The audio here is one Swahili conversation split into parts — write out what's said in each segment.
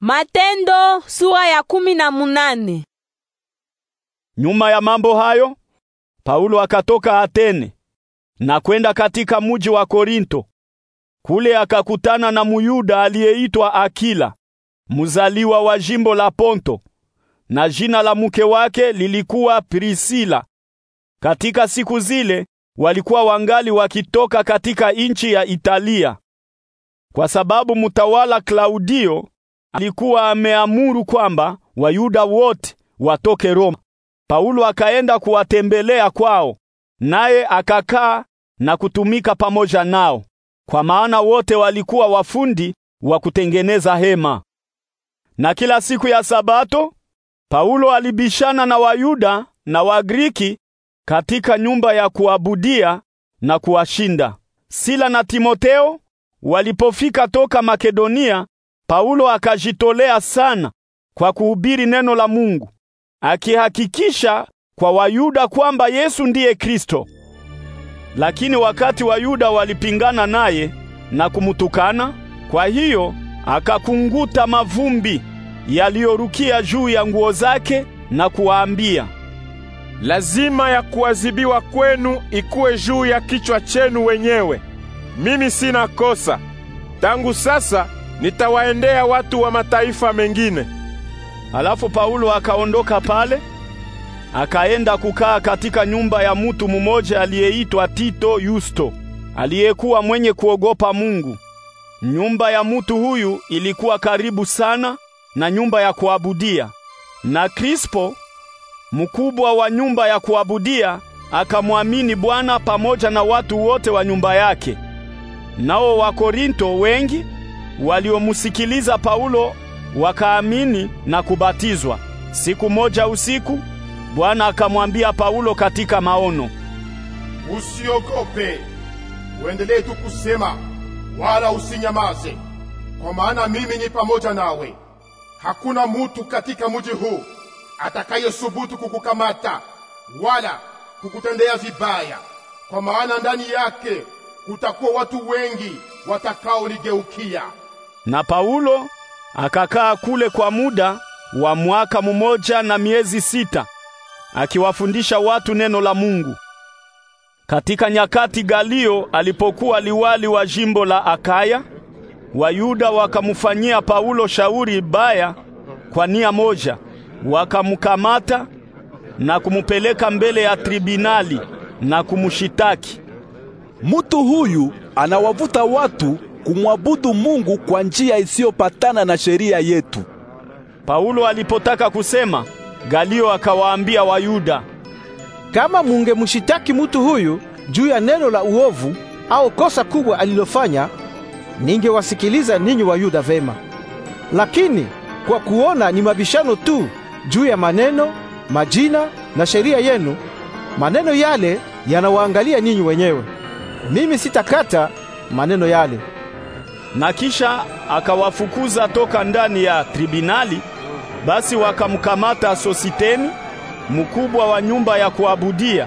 Matendo sura ya kumi na munane. Nyuma ya mambo hayo, Paulo akatoka Atene na kwenda katika muji wa Korinto. Kule akakutana na Muyuda aliyeitwa Akila, mzaliwa wa jimbo la Ponto, na jina la mke wake lilikuwa Prisila. Katika siku zile walikuwa wangali wakitoka katika nchi ya Italia. Kwa sababu mtawala Klaudio alikuwa ameamuru kwamba Wayuda wote watoke Roma. Paulo akaenda kuwatembelea kwao, naye akakaa na kutumika pamoja nao, kwa maana wote walikuwa wafundi wa kutengeneza hema. Na kila siku ya Sabato Paulo alibishana na Wayuda na Wagriki katika nyumba ya kuabudia na kuwashinda. Sila na Timoteo walipofika toka Makedonia Paulo akajitolea sana kwa kuhubiri neno la Mungu, akihakikisha kwa Wayuda kwamba Yesu ndiye Kristo. Lakini wakati Wayuda walipingana naye na kumutukana kwa hiyo akakunguta mavumbi yaliyorukia juu ya nguo zake na kuwaambia, lazima ya kuadhibiwa kwenu ikuwe juu ya kichwa chenu wenyewe. Mimi sina kosa. Tangu sasa nitawaendea watu wa mataifa mengine. Alafu Paulo akaondoka pale akaenda kukaa katika nyumba ya mutu mumoja aliyeitwa Tito Yusto, aliyekuwa mwenye kuogopa Mungu. Nyumba ya mutu huyu ilikuwa karibu sana na nyumba ya kuabudia, na Krispo mkubwa wa nyumba ya kuabudia akamwamini Bwana pamoja na watu wote wa nyumba yake. Nao Wakorinto wengi Waliomusikiliza Paulo wakaamini na kubatizwa. Siku moja usiku, Bwana akamwambia Paulo katika maono, usiogope, uendelee tu kusema, wala usinyamaze, kwa maana mimi ni pamoja nawe. Hakuna mutu katika mji huu atakayesubutu kukukamata wala kukutendea vibaya, kwa maana ndani yake kutakuwa watu wengi watakaoligeukia na Paulo akakaa kule kwa muda wa mwaka mmoja na miezi sita akiwafundisha watu neno la Mungu. Katika nyakati Galio alipokuwa liwali wa jimbo la Akaya, Wayuda wakamfanyia Paulo shauri baya kwa nia moja, wakamkamata na kumupeleka mbele ya tribinali na kumshitaki. Mtu huyu anawavuta watu kumwabudu Mungu kwa njia isiyopatana na sheria yetu. Paulo alipotaka kusema, Galio akawaambia Wayuda, kama mungemshitaki mtu huyu juu ya neno la uovu au kosa kubwa alilofanya, ningewasikiliza ninyi Wayuda vema. Lakini kwa kuona ni mabishano tu juu ya maneno, majina na sheria yenu, maneno yale yanawaangalia ninyi wenyewe. Mimi sitakata maneno yale na kisha akawafukuza toka ndani ya tribinali. Basi wakamkamata Sositeni, mkubwa wa nyumba ya kuabudia,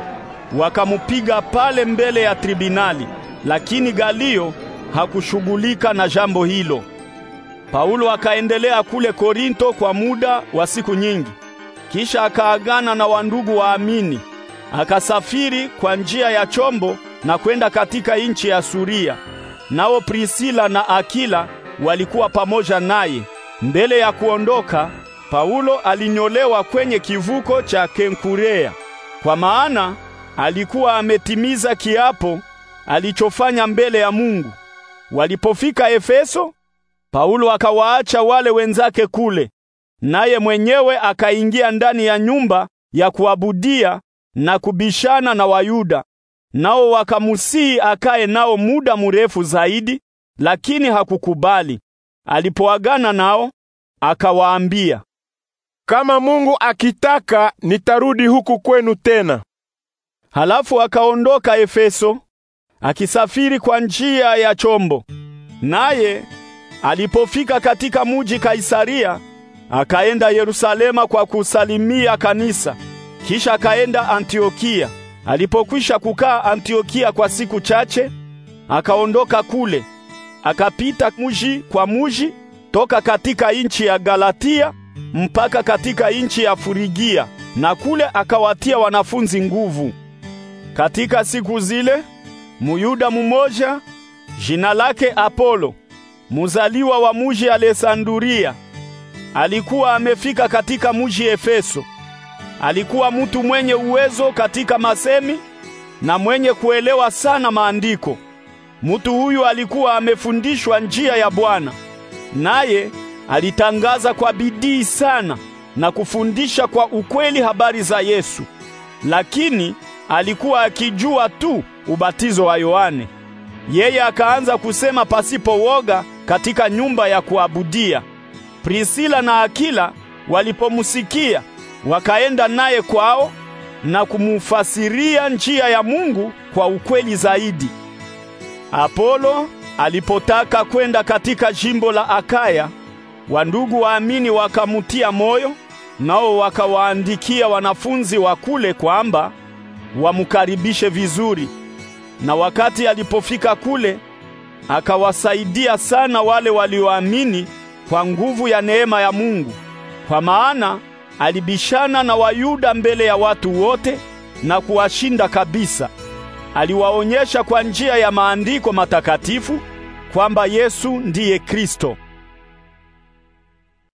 wakamupiga pale mbele ya tribinali, lakini Galio hakushughulika na jambo hilo. Paulo akaendelea kule Korinto kwa muda wa siku nyingi. Kisha akaagana na wandugu waamini, akasafiri kwa njia ya chombo na kwenda katika nchi ya Suria. Nao Prisila na Akila walikuwa pamoja naye. Mbele ya kuondoka, Paulo alinyolewa kwenye kivuko cha Kenkurea, kwa maana alikuwa ametimiza kiapo alichofanya mbele ya Mungu. Walipofika Efeso, Paulo akawaacha wale wenzake kule, naye mwenyewe akaingia ndani ya nyumba ya kuabudia na kubishana na Wayuda nao wakamusii akae nao muda mrefu zaidi, lakini hakukubali. Alipoagana nao akawaambia, kama Mungu akitaka nitarudi huku kwenu tena. Halafu akaondoka Efeso akisafiri kwa njia ya chombo. Naye alipofika katika muji Kaisaria, akaenda Yerusalema kwa kusalimia kanisa, kisha akaenda Antiokia. Alipokwisha kukaa Antiokia kwa siku chache, akaondoka kule, akapita muji kwa muji toka katika nchi ya Galatia mpaka katika nchi ya Furigia, na kule akawatia wanafunzi nguvu. Katika siku zile Muyuda mmoja jina lake Apolo, muzaliwa wa muji Alesanduria, alikuwa amefika katika muji Efeso. Alikuwa mtu mwenye uwezo katika masemi na mwenye kuelewa sana maandiko. Mtu huyu alikuwa amefundishwa njia ya Bwana, naye alitangaza kwa bidii sana na kufundisha kwa ukweli habari za Yesu, lakini alikuwa akijua tu ubatizo wa Yohane. Yeye akaanza kusema pasipo woga katika nyumba ya kuabudia. Prisila na Akila walipomsikia Wakaenda naye kwao na kumufasiria njia ya Mungu kwa ukweli zaidi. Apolo alipotaka kwenda katika jimbo la Akaya, wandugu waamini wakamutia moyo, nao wakawaandikia wanafunzi wa kule kwamba wamukaribishe vizuri. Na wakati alipofika kule, akawasaidia sana wale walioamini kwa nguvu ya neema ya Mungu, kwa maana Alibishana na Wayuda mbele ya watu wote na kuwashinda kabisa. Aliwaonyesha kwa njia ya maandiko matakatifu kwamba Yesu ndiye Kristo.